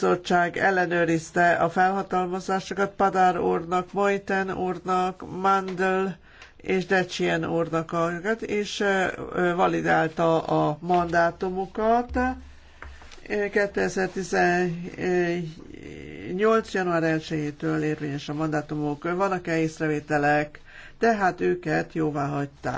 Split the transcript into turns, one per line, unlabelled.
bizottság ellenőrizte a felhatalmazásokat Padár úrnak, Mojten úrnak, Mandel és Decsien úrnak, és validálta a mandátumokat. 2018. január 1-től érvényes a mandátumok, vannak-e észrevételek, tehát őket jóvá hagyták.